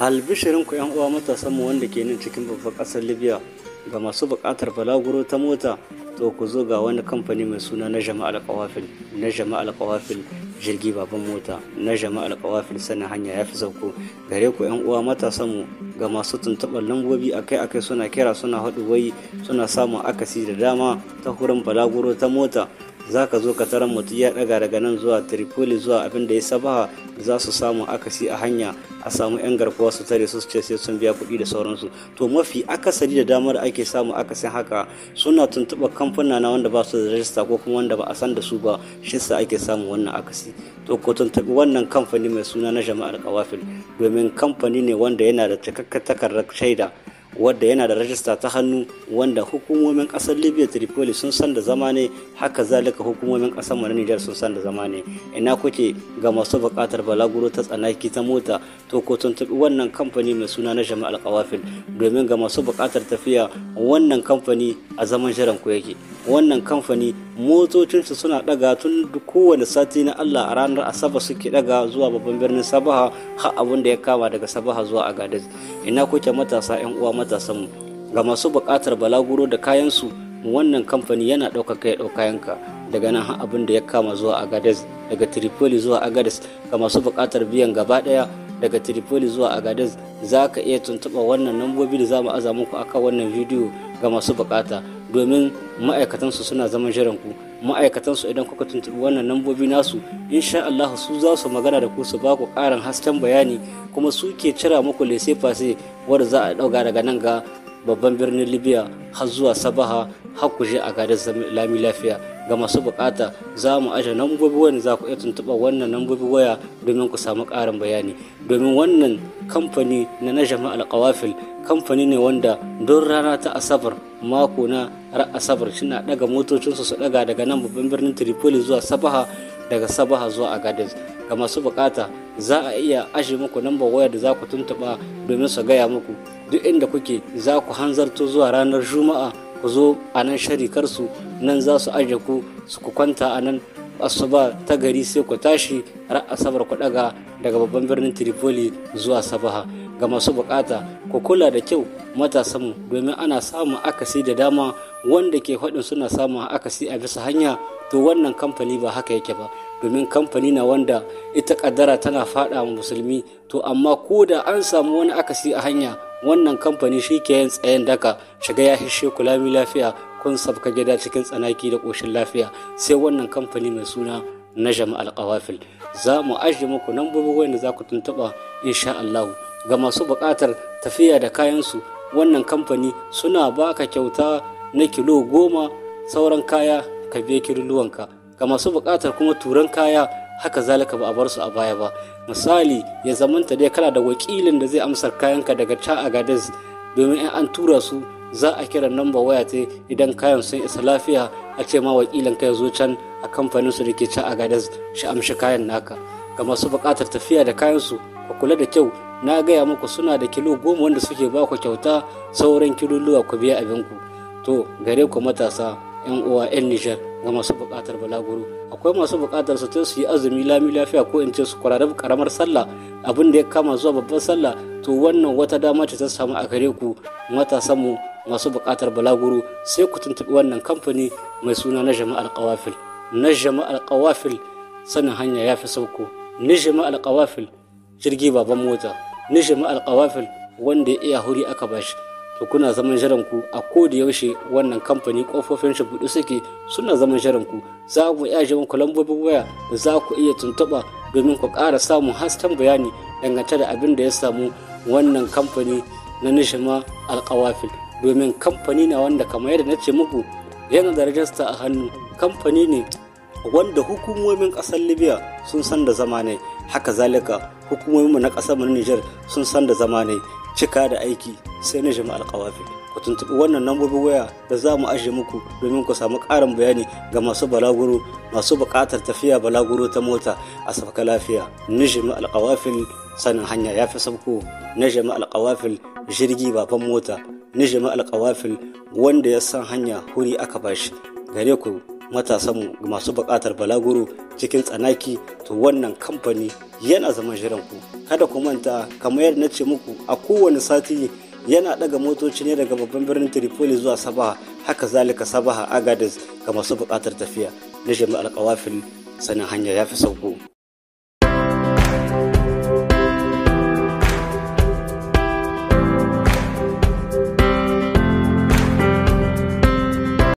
albishirin ku yan uwa matasan mu wanda ke nan cikin babban ƙasar libya ga masu buƙatar balaguro ta mota to ku zo ga wani kamfani mai suna na jama'al kawafil na jama'al kawafil jirgi baban mota na jama'al kawafil sanin hanya ya fi sauko gare ku yan uwa matasan mu ga masu tuntuɓar lambobi akai-akai suna kira suna haɗu wai suna samun akasi da dama ta hurin balaguro ta mota za ka zo ka taran mutu ya daga daga nan zuwa tripoli zuwa abin da ya sabaha za su samu akasi a hanya a samu yan garkuwa su tare su ce sai sun biya kuɗi da sauransu to mafi akasari da damar ake samu akasin haka suna tuntuɓa kamfuna na wanda ba su da rajista ko kuma wanda ba a san da su ba shi sa ake samun wannan akasi to ko tuntuɓi wannan kamfani mai suna na jama'ar kawafil domin kamfani ne wanda yana da takardar shaida wadda yana da rajista ta hannu wanda hukumomin kasar libya tripoli sun san da zama ne haka zalika hukumomin kasar mu na nijar sun san da zama ne ina kuke ga masu bukatar balaguro ta tsanaki ta mota to ko tuntuɓi wannan kamfani mai suna na jama'al kawafil domin ga masu bukatar tafiya wannan kamfani a zaman jiran ku yake wannan kamfani motocinsu suna daga tun kowane sati na allah a ranar asabar suke daga zuwa babban birnin sabaha ha abin ya kama daga sabaha zuwa agadez ina kuke matasa yan uwa matasan mu ga masu bukatar balaguro da kayansu wannan kamfani yana ɗaukar kai ɗaukayenka daga nan ha abin ya kama zuwa agadez daga tripoli zuwa agadez ga masu bukatar biyan gaba ɗaya daga Tripoli zuwa Agadez za ka iya tuntuɓa wannan nambobi da za mu aza muku akan wannan bidiyo ga masu bukata domin ma'aikatansu suna zaman jiran ku ma'aikatansu idan kuka tuntuɓi wannan nambobi nasu insha Allah su za su magana da ku su ba ku ƙarin hasken bayani kuma su ke cira muku lese fase wadda za a ɗauka daga nan ga babban birnin libya har zuwa sabaha har ku je a gadar lami lafiya ga masu bukata za mu aje nambobi wani za ku iya tuntuɓa wannan nambobi waya domin ku samu ƙarin bayani domin wannan kamfani na na jama'a alƙawafil kamfani ne wanda don rana ta asabar mako na asabar suna ɗaga motocinsu su ɗaga daga nan babban birnin tripoli zuwa sabaha daga sabaha zuwa agadez ga masu bukata za a iya ashe muku lambar waya da za ku tuntuɓa domin su gaya muku duk inda kuke za ku hanzarto zuwa ranar juma'a ku zo a nan sharikarsu nan za su aje ku su ku kwanta a nan asuba ta gari sai ku tashi har asabar ku daga daga babban birnin tripoli zuwa sabaha ga masu bukata ku kula da kyau matasanmu domin ana samun akasi da dama wanda ke faɗin suna samun akasi a bisa hanya to wannan kamfani ba haka yake ba domin kamfani na wanda ita kaddara tana fada musulmi to amma ko da an samu wani akasi a hanya wannan kamfani shi ke yin tsayin daka shiga ya hishe kulami lafiya kun sabka gida cikin tsanaki da ƙoshin lafiya sai wannan kamfani mai suna na jama'al kawafil za mu ajiye muku nan bubuwan da za ku tuntuɓa insha Allah ga masu buƙatar tafiya da kayansu wannan kamfani suna baka kyauta na kilo goma sauran kaya ka biya kirluwanka ga masu buƙatar kuma turan kaya haka zalika ba a bar su a baya ba misali ya zamanta dai kana da wakilin da zai amsa kayanka daga can gadis domin in an tura su za a kira namba waya ta idan kayan sun isa lafiya a ce ma wakilin ka ya zo can a kamfanin su da ke a gadis shi amshi kayan naka ga masu buƙatar tafiya da kayan su ku kula da kyau na gaya muku suna da kilo goma wanda suke ba ku kyauta sauran kiluluwa ku biya abinku to gare ku matasa 'yan uwa 'yan nijar ga masu bukatar balaguru akwai masu bukatar su ta su yi azumi lami lafiya ko in ce su kwararri karamar sallah abin da ya kama zuwa babban sallah to wannan wata dama ce ta samu a gare ku matasan mu masu bukatar balaguru sai ku tuntuɓi wannan kamfani mai suna na jama'ar kawafil na jama'ar kawafil sanin hanya ya fi sauko ni jama'ar kawafil jirgi baban mota ni jama'ar kawafil wanda ya iya huri aka bashi to kuna zaman jaranku ku a ko da yaushe wannan kamfani kofofin shi buɗe suke suna zaman shirin ku za ku iya jiran ku lambobin waya da za ku iya tuntuɓa domin ku ƙara samun hasken bayani dangance da abin da ya samu wannan kamfani na nishima alƙawafil domin kamfani na wanda kamar yadda na ce muku yana da rajista a hannu kamfani ne wanda hukumomin ƙasar libya sun san da zama ne haka zalika hukumominmu na ƙasar mu na nijar sun san da zama ne cika da aiki sai na jama'ar kawafi ku tuntuɓi wannan lambobi waya da za mu ajiye muku domin ku samu ƙarin bayani ga masu balaguro masu buƙatar tafiya balaguro ta mota a safaka lafiya na jama'ar kawafi sanin hanya ya fi sabko na jama'ar kawafi jirgi bafan mota na jama'ar kawafi wanda ya san hanya huri aka bashi gare ku ga masu buƙatar balaguro cikin tsanaki to wannan kamfani yana zaman jiran ku kada ku manta kamar yadda na ce muku a kowane sati yana daga motoci ne daga babban birnin tripoli zuwa sabaha haka zalika sabaha agadis ga masu buƙatar tafiya na jami'ar kawafin sanin hanya ya fi sauko